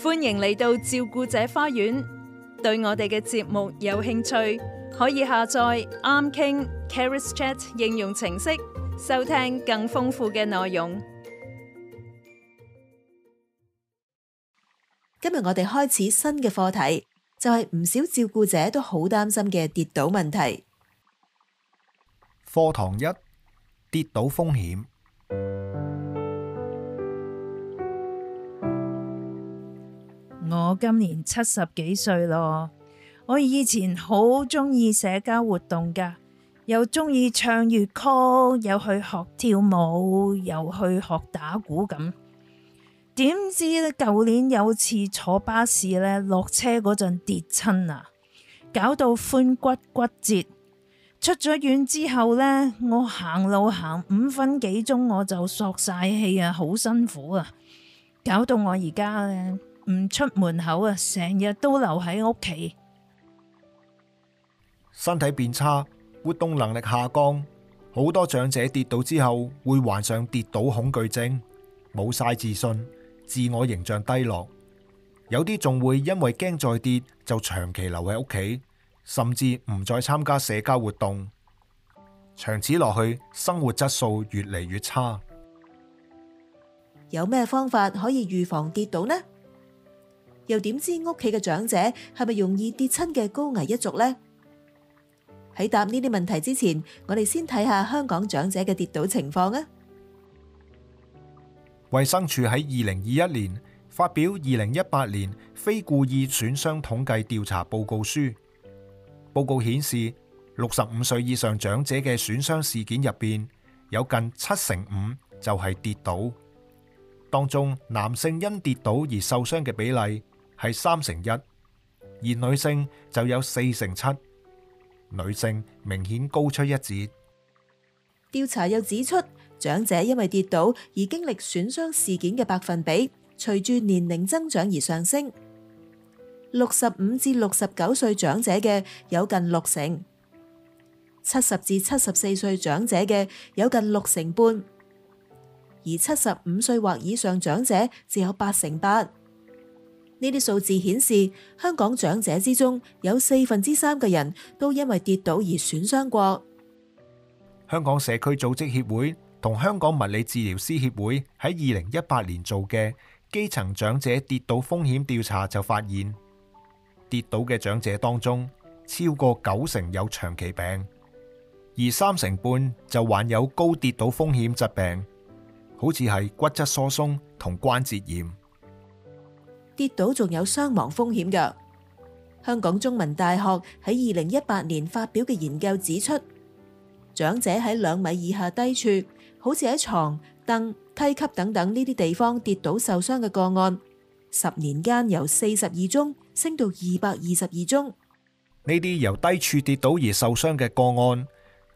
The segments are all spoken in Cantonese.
歡迎嚟到照顧者花園，對我哋嘅節目有興趣，可以下載啱傾 Carers Chat 應用程式，收聽更豐富嘅內容。今日我哋開始新嘅課題，就係、是、唔少照顧者都好擔心嘅跌倒問題。課堂一：跌倒風險。我今年七十幾歲咯，我以前好中意社交活動噶，又中意唱粵曲，又去學跳舞，又去學打鼓咁。點知咧，舊年有次坐巴士咧，落車嗰陣跌親啊，搞到髖骨骨骨折。出咗院之後咧，我行路行五分幾鐘我就嗦晒氣啊，好辛苦啊，搞到我而家咧。唔出門口啊，成日都留喺屋企，身體變差，活動能力下降，好多長者跌倒之後會患上跌倒恐懼症，冇晒自信，自我形象低落，有啲仲會因為驚再跌就長期留喺屋企，甚至唔再參加社交活動，長此落去生活質素越嚟越差。有咩方法可以預防跌倒呢？又點知屋企嘅長者係咪容易跌親嘅高危一族呢？喺答呢啲問題之前，我哋先睇下香港長者嘅跌倒情況啊！衛生署喺二零二一年發表二零一八年非故意損傷統計調查報告書，報告顯示六十五歲以上長者嘅損傷事件入邊，有近七成五就係跌倒，當中男性因跌倒而受傷嘅比例。係三成一，乘1，而女性就有四成七，女性明顯高出一截。調查又指出，長者因為跌倒而經歷損傷事件嘅百分比，隨住年齡增長而上升。六十五至六十九歲長者嘅有近六成，七十至七十四歲長者嘅有近六成半，而七十五歲或以上長者只有八成八。呢啲數字顯示，香港長者之中有四分之三嘅人都因為跌倒而損傷過。香港社區組織協會同香港物理治療師協會喺二零一八年做嘅基層長者跌倒風險調查就發現，跌倒嘅長者當中，超過九成有長期病，而三成半就患有高跌倒風險疾病，好似係骨質疏鬆同關節炎。跌倒仲有傷亡風險嘅。香港中文大學喺二零一八年發表嘅研究指出，長者喺兩米以下低處，好似喺床、凳、梯級等等呢啲地方跌倒受傷嘅個案，十年間由四十二宗升到二百二十二宗。呢啲由低處跌倒而受傷嘅個案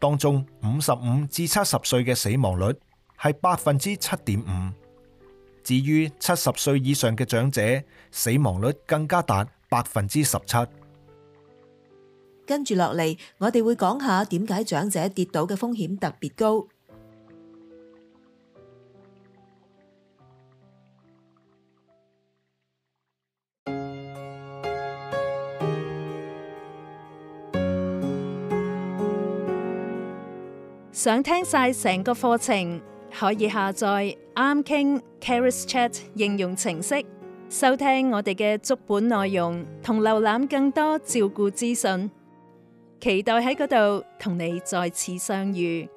當中，五十五至七十歲嘅死亡率係百分之七點五。至於七十歲以上嘅長者，死亡率更加達百分之十七。跟住落嚟，我哋會講下點解長者跌倒嘅風險特別高。想聽晒成個課程，可以下載。啱傾 Careers Chat 應用程式，收聽我哋嘅足本內容，同瀏覽更多照顧資訊。期待喺嗰度同你再次相遇。